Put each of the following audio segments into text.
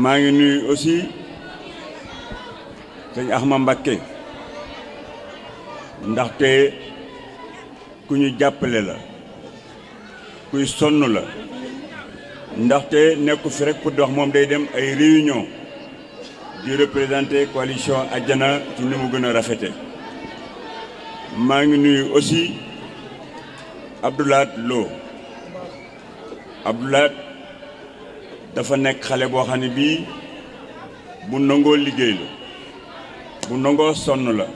maa ngi nuyu aussi sëñ Axma Mbakke ndaxte ku ñu jàppale la kuy sonn la ndaxte nekku fi rek pour dox moom day dem ay réunion di représenter coalition Adiana ci ni mu gën a rafete maa ngi nuyu aussi Abdoulaat Lo Abdoulaat dafa nekk xale boo xam ne bii bu nangoo liggéey la bu nangoo sonn la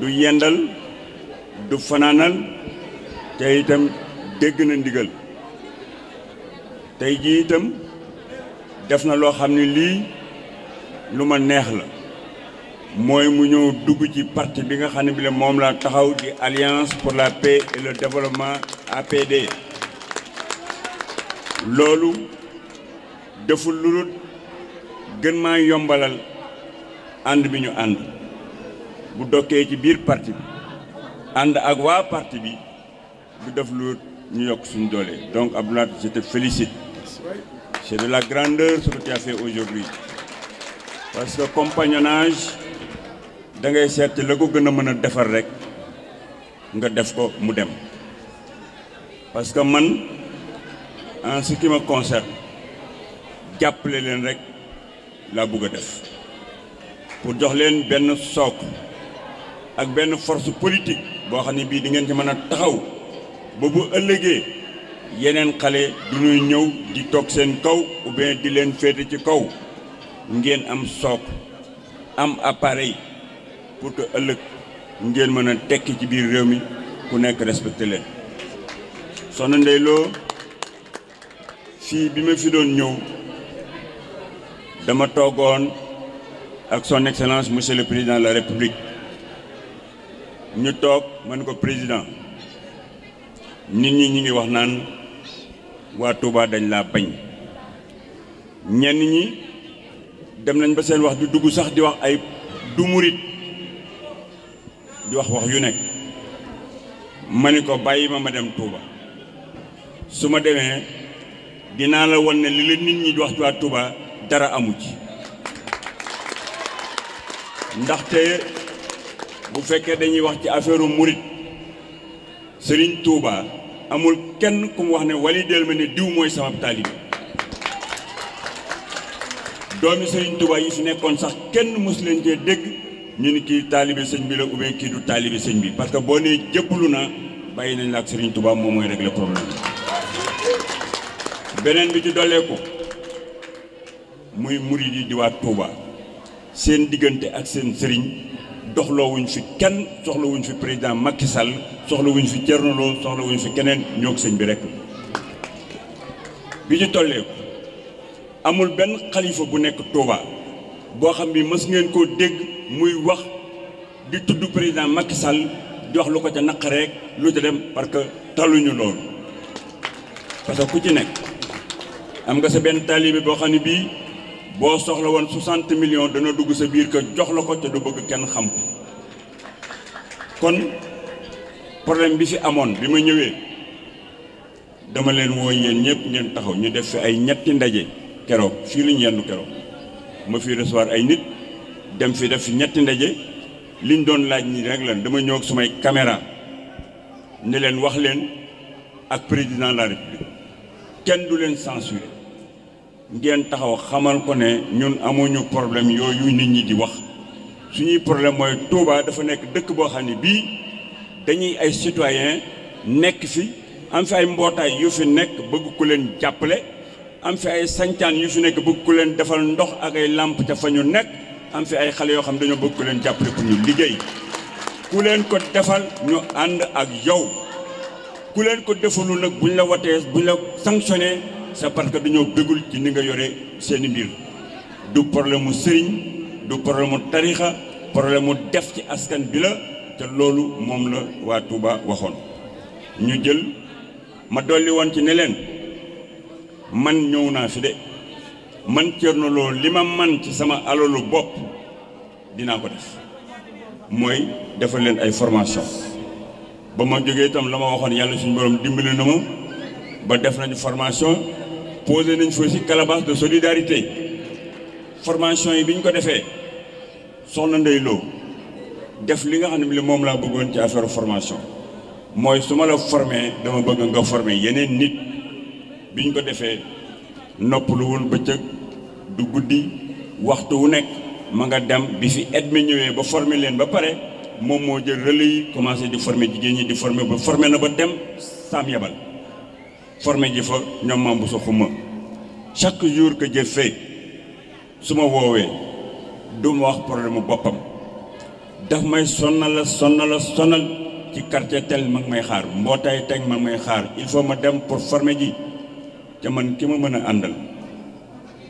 du yendal du fanaanal te itam dégg na ndigal tey jii itam def na loo xam ne lii lu ma neex la mooy mu ñëw dugg ci parti bi nga xam ne bi la moom laa taxaw di alliance pour la paix et le développement APD loolu deful lulut gën maa yombalal ànd bi ñu ànd bu dokkee ci biir parti bi ànd ak waa parti bi bu def lulut ñu yokk suñu doole donc Abdoulaye je te félicite c'est de la grandeur ce que tu as aujourd'hui parce que compagnonnage da ngay seet la ko gën a mën a defar rek nga def ko mu dem parce que man en ce qui jàppale leen rek laa bëgg a def pour jox leen benn sook ak benn force politique boo xam ne bii di ngeen ci mën a taxaw ba bu ëllëgee yeneen xale du ñuy ñëw di toog seen kaw ou di leen féete ci kaw ngeen am sook am appareil pour que ëllëg ngeen mën a tekki ci biir réew mi ku nekk respecte leen soxna Ndeye fii bi ma fi doon ñëw dama toogoon ak son excellence monsieur le président la république ñu toog ma ni ko président nit ñi ñu ngi wax naan waa Touba dañ laa bañ ñenn ñi dem nañ ba seen wax du dugg sax di wax ay du murit di wax wax yu nekk ma ni ko bàyyi ma ma dem Touba su ma demee dinaa la woon ne li la nit ñi wax ci waa Touba dara amu ci ndaxte bu fekkee dañuy wax ci affaire murit Serigne Touba amul kenn ku mu wax ne wali del ma ne diw mooy sama taalibe doomi Serigne Touba yi fi nekkoon sax kenn mos leen cee dégg ñu ni kii taalibe sëñ bi la ou bien kii du taalibe sëñ bi parce que boo nee jëbbalu na bàyyi nañ la ak Serigne Touba moom mooy régler problème beneen bi ci dollee muy murid yi di waa Touba seen diggante ak seen sëriñ doxloowuñ fi kenn soxlawuñ fi président Macky Sall soxlawuñ fi Thierno Lo soxlawuñ fi keneen ñoog sëñ bi rek bi ñu tollee amul benn xalifa bu nekk Touba boo xam bi mës ngeen koo dégg muy wax di tudd président Macky Sall jox lu ko ca naq rekk lu ca dem parce que taluñu loolu parce que ku ci nekk am nga sa benn taalibe boo xam ne bii. boo soxla woon 60 million dana dugg sa biir kër jox la ko te du bëgg kenn xam ko kon problème bi fi amoon bi ma ñëwee dama leen woo yéen ñëpp ngeen taxaw ñu def fi ay ñetti ndaje keroog fii la ñu yendu keroog ma fi recevoir ay nit dem fi def fi ñetti ndaje liñ doon laaj nii rek lan dama ñëw ak sumay caméra ne leen wax leen ak président de la kenn du leen censurer ngeen taxaw xamal ko ne ñun amuñu problème yooyu nit ñi di wax suñuy problème mooy Touba dafa nekk dëkk boo xam ne bii dañuy ay citoyen nekk fi am fi ay mbootaay yu fi nekk bëgg ku leen jàppale am fi ay sancaan yu fi nekk bëgg ku leen defal ndox ak ay làmp ca fa ñu nekk am fi ay xale yoo xam dañoo bëgg ku leen jàppale ku ñu liggéey ku leen ko defal ñu ànd ak yow ku leen ko defalu nag buñ la watee buñ la sanctionné c'est parce que dañoo bëggul ci ni nga yore seeni mbir du problème mu sëriñ du problème mu tarixa problème mu def ci askan bi la te loolu moom la waa Touba waxoon ñu jël ma dolli woon ci ne leen man ñëw naa fi de man na Lo li ma man ci sama alalu bopp dinaa ko def mooy defal leen ay formation ba ma jógee tam la ma waxoon yàlla suñu borom dimbali na ma ba def nañu formation posé nañ fa si calebasse de solidarité formation yi bi ñu ko defee soxna Ndeye Lo def li nga xam ne moom laa bëggoon ci affaire formation mooy su ma la formé dama bëgg nga formé yeneen nit bi ñu ko defee noppaluwul bëccëg du guddi waxtu wu nekk ma nga dem bi fi aide mi ñëwee ba formé leen ba pare moom moo jël relais yi commencé di formé jigéen ñi di formé ba forme na ba dem saam yabal formé ji fa ñoom bu sa xuma chaque jour que je fais su ma woowee du ma wax problème mu boppam daf may sonnal sonnal sonal ci quartier tel ma ngi may xaar mbootaay teg ma may xaar il faut ma dem pour former ji te man ki ma mën a àndal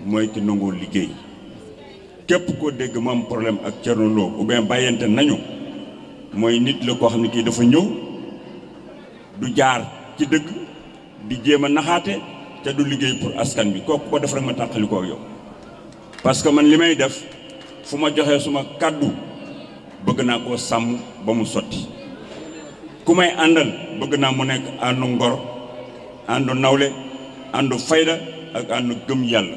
mooy ki nangoo liggéey képp koo dégg ma am problème ak Thierno Lo ou bàyyante nañu mooy nit la koo xam ne kii dafa ñëw du jaar ci dëgg di jéem a naxaate te du liggéey pour askan bi kooku ko def rek ma tàqali yow parce que man li may def fu ma joxee suma kàddu bëgg naa koo sàmm ba mu sotti ku may àndal bëgg naa mu nekk àndu ngor àndu nawle àndu fayda ak àndu gëm yàlla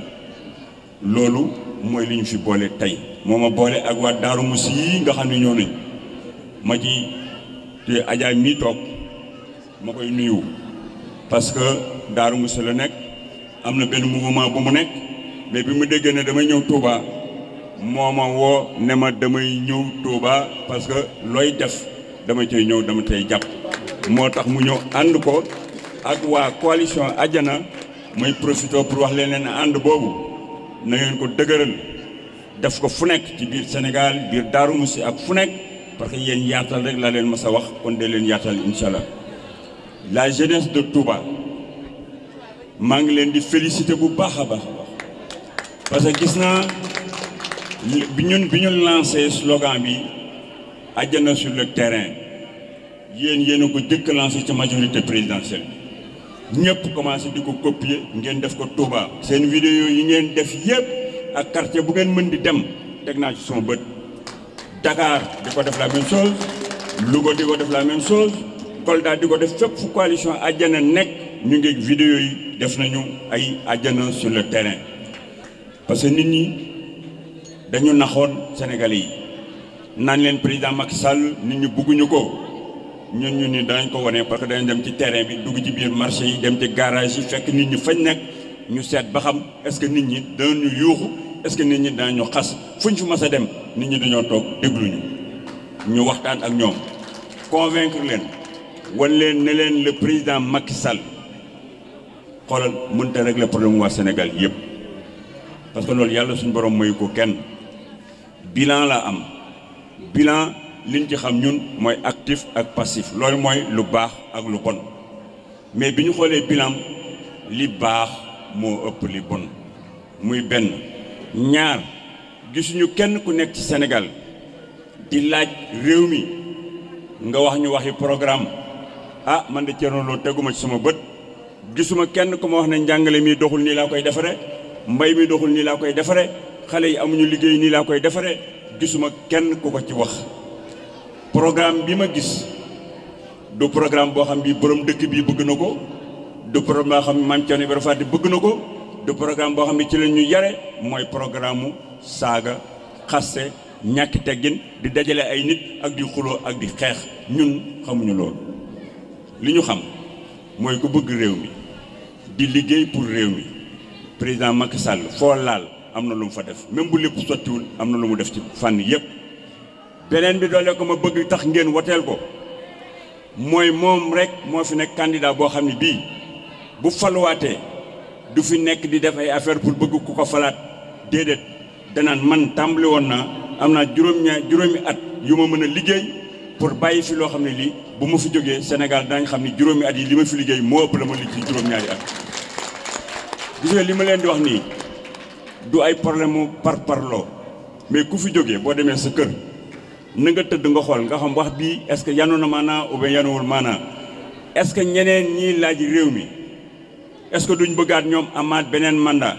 loolu mooy li ñu fi boole tey moo ma boole ak waa Daaru Musi yi nga xam ne ñoo nañ ma ci te Adja mii toog ma koy nuyu parce que Daaru Muxti la nekk am na benn mouvement bu mu nekk mais bi mu déggee ne damay ñëw Touba moo ma woo ne ma damay ñëw Touba parce que looy def dama cay ñëw dama cay jàpp moo tax mu ñëw ànd ko ak waa coalition Adiana muy profité pour wax leen ne ànd boobu na ngeen ko dëgëral def ko fu nekk ci biir Sénégal giir Daaru Muxti ak fu nekk parce que yéen yaatal rek laa leen mas a wax kon dee leen yaatal incha allah la jeunesse de Touba maa ngi leen di félicité bu baax a baax parce que gis naa bi ñun bi ñu lancé slogan bi àjjana sur le terrain yéen yéen a ko jëkk lancé ci majorité présidentielle ñëpp commencé di ko copier ngeen def ko Touba. seen vidéo yi ngeen def yëpp ak quartier bu ngeen mën di dem teg naa ci sama bët Dakar di ko def la même chose Louga di ko def la même chose. Kolda di ko def fépp fu coalition àjjana nekk ñu ngi vidéo yi def nañu ay àjjana sur le terrain parce que nit ñi dañu naxoon Sénégalais yi nan leen président Macky Sall nit ñi bugguñu ko ñun ñu ni danañ ko wane parce que dañu dem ci terrain bi dugg ci biir marché yi dem ci garage yi fekk nit ñi fañ nekk ñu seet ba xam est-ce que nit ñi danañu yuuxu est-ce que nit ñi danañu xas fuñ fu mas a dem nit ñi dañoo toog dégluñu ñu waxtaan ak ñoom convaincre leen wan leen ne leen le président Macky Sall xoolal mënta régler problème waa Sénégal yëpp parce que loolu yàlla suñu borom mayu ko kenn bilan la am bilan liñ ci xam ñun mooy actif ak passif loolu mooy lu baax ak lu bon mais bi ñu xoolee bilan li baax moo ëpp li bon muy benn ñaar gisuñu kenn ku nekk ci senegal di laaj réew mi nga wax ñu waxi programme ah man de Thierno Lo teguma ci sama bët gisuma kenn ku ma wax ne njàngale mii doxul nii laa koy defare mbay mi doxul nii laa koy defare xale yi amuñu liggéey nii laa koy defare gisuma kenn ku ko ci wax programme bi ma gis du programme boo xam bi borom dëkk bi bëgg na ko du programme boo xam ne maam Thierno bëgg na ko programme boo xam ne ci la ñu yare mooy programme mu saaga xaste ñàkki teggin di dajale ay nit ak di xuloo ak di xeex ñun xamuñu loolu li ñu xam mooy ku bëgg réew mi di liggéey pour réew mi président Macky Sall foo laal am na lu mu fa def même bu lépp sottiwul am na lu mu def ci fànn yépp beneen bi doole ko ma bëgg tax ngeen woteel ko mooy moom rek moo fi nekk candidat boo xam ne bii bu falwaatee du fi nekk di def ay affaire pour bëgg ku ko falaat déedéet danaan man tàmbali woon naa am naa juróom ñaar juróomi at yu ma mën a liggéey pour bàyyi fi loo xam ne lii bu ma fi jógee Sénégal daañ xam ni juróomi at yi li ma fi liggéey moo ëpp la ma liggéey juróom-ñaari at gis li ma leen di wax nii du ay problème mu par parloo mais ku fi jógee boo demee sa kër na tëdd nga xool nga xam wax bii est-ce que yanu na maanaa ou bien yanuwul maanaa est-ce que ñeneen ñii laaj réew mi est-ce que duñ bëggaat ñoom amaat beneen mandat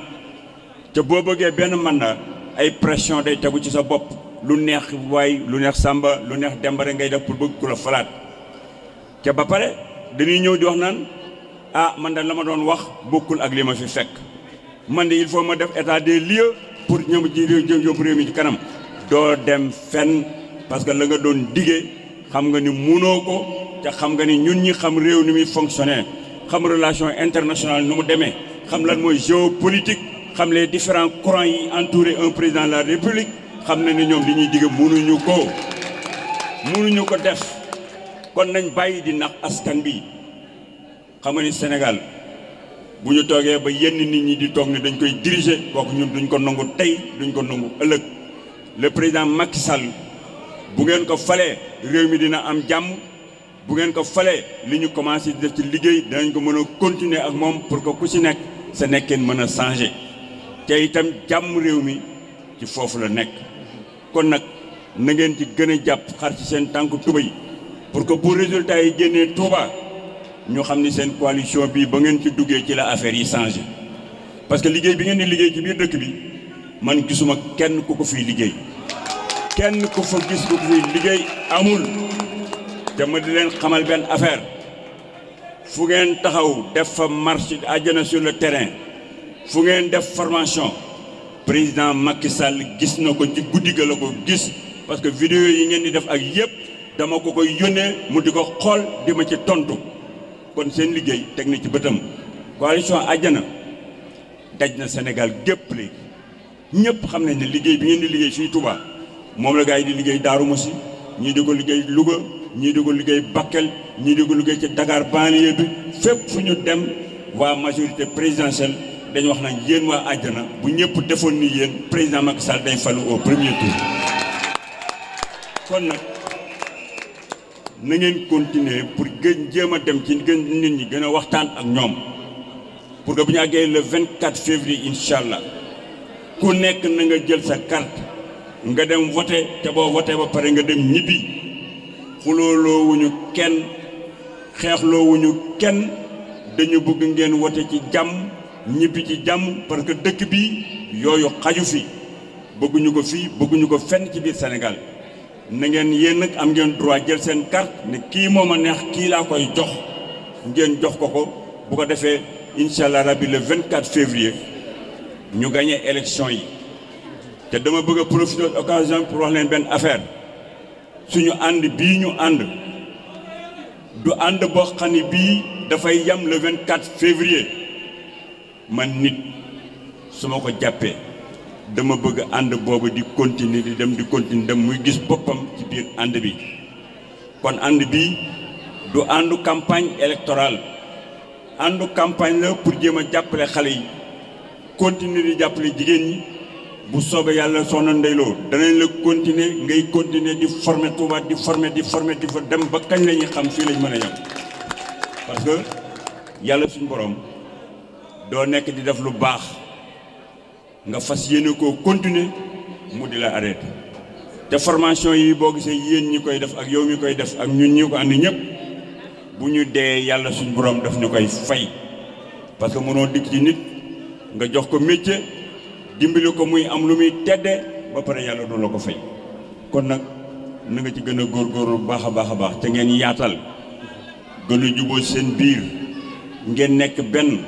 te boo bëggee benn mandat ay pression day tegu ci sa bopp lu neex waay lu neex sàmba lu neex dembare ngay def pour bëgg ku la falaat ca ba pare dañuy ñëw di wax naan ah man de la ma doon wax bokkul ak lima ma fi fekk man di il faut ma def état de lieux pour ñoom ji yóbbu réew mi ci kanam doo dem fenn parce que la nga doon diggee xam nga ni munoo ko te xam nga ni ñun ñi xam réew ni muy fonctionner xam relation internationale nu mu demee xam lan mooy géopolitique xam les différents courants yi entouré un président de la république xam na ni ñoom li ñuy digg munuñu ko munuñu ko def kon nañu bàyyi di nax askan bi xam nga ni Sénégal bu ñu toogee ba yenn nit ñi di toog ne dañ koy diriger kooku ñun duñ ko nangu tey duñ ko nangu ëllëg le président Macky Sall bu ngeen ko falee réew mi dina am jàmm bu ngeen ko falee li ñu commencé def ci liggéey danañ ko mën a continuer ak moom pour que ku ci nekk sa nekkeen mën a changer te itam jàmm réew mi ci foofu la nekk kon nag na ngeen ci gën a jàpp xar ci seen tànk tubéy pour que bu résultat yi génnee Touba ñoo xam ni seen coalition bii ba ngeen ci duggee ci la affaire yi changé parce que liggéey bi ngeen di liggéey ci biir dëkk bi man gisuma kenn ku ko fiy liggéey kenn ku fa gis ku ko fiy liggéey amul te ma di leen xamal benn affaire fu ngeen taxaw def fa marche àjjana sur le terrain fu ngeen def formation président Macky Sall gis na ko ci guddi ga la ko gis parce que vidéo yi ngeen di def ak yëpp dama ko ko yónnee mu di ko xool di ma ci tontu kon seen liggéey teg na ci bëtam coalition Adiana daj na Sénégal gépp léegi ñëpp xam nañ ne liggéey bi ngeen di liggéey fii Touba moom la gars yi di liggéey Darou si ñii di ko liggéey Louga ñii di ko liggéey Bakel ñii di ko liggéey ci Dakar banlieue bi fépp fu ñu dem waa majorité présidentielle dañu wax nañ yéen waa Adiana bu ñëpp defoon ni yéen président Macky Sall day falu au premier tour na ngeen continuer pour gën jéem a dem ci gën nit ñi gën a waxtaan ak ñoom pour que bu ñu àggee le 24 février incha allah ku nekk na nga jël sa carte nga dem wote te boo wote ba pare nga dem ñibbi xulooloowuñu kenn xeexloowuñu kenn dañu bëgg ngeen wote ci jàmm ñibbi ci jàmm parce que dëkk bi yooyu xaju fi bëgguñu ko fii bëgguñu ko fenn ci biir Sénégal na ngeen yéen am ngeen droit jël seen carte ne kii moom a neex kii laa koy jox ngeen jox ko ko bu ko defee incha allah rabi le 24 février ñu gagné élection yi te dama bëgg a profité occasion pour wax leen benn affaire suñu ànd bii ñu ànd du ànd boo xam bii dafay yam le 24 février man nit su ma ko jàppee. dama bëgg ànd boobu di continuer di dem di continuer dem muy gis boppam ci biir ànd bi kon ànd bi du àndu campagne électorale àndu campagne la pour jéem a jàppale xale yi continuer di jàppale jigéen ñi bu soobee yàlla soxna Ndeye Lo danañ la continuer ngay continuer di former Touba di former di former di fa dem ba kañ la ñuy xam fii lañ mën a yem parce que yàlla suñu borom doo nekk di def lu baax. nga fas yéene koo continuer mu di la arrêté te formation yi boo gisee yéen ñi koy def ak yow mi koy def ak ñun ñi ko ànd ñëpp bu ñu dee yàlla suñu borom daf ñu koy fay parce que mënoo dikk ci nit nga jox ko métier dimbali ko muy am lu muy tedde ba pare yàlla du la ko fay kon nag na nga ci gën a góor bu baax a baax a baax te ngeen yaatal gën a seen biir ngeen nekk benn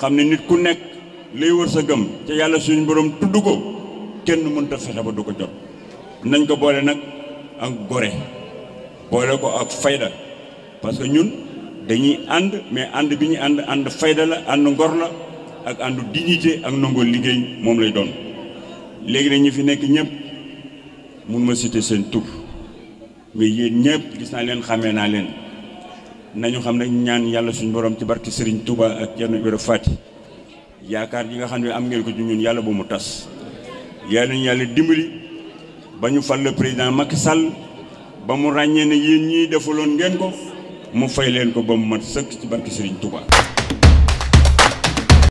xam ne nit ku nekk. liy wër sa gëm te yàlla suñu borom tudd ko kenn mënta fexe ba du ko jot nañ ko boole nag ak gore boole ko ak fayda parce que ñun dañuy ànd mais ànd bi ñu ànd ànd fayda la ànd ngor la ak àndu dignité ak nangoo liggéey moom lay doon léegi nag ñi fi nekk ñëpp mun ma citer seen tur mais yéen ñëpp gis naa leen xamee naa leen nañu xam ne ñaan yàlla suñu borom ci barki Serigne Touba ak yenn Ibra Fati yaakaar ji nga xam ne am ngeen ko ci ñun yàlla bu mu tas yàlla ñu yàlla dimbali ba ñu fal le président Macky Sall ba mu ràññee ne yéen ñii defuloon ngeen ko mu fay leen ko ba mu mat sëkk ci barke Serigne Touba.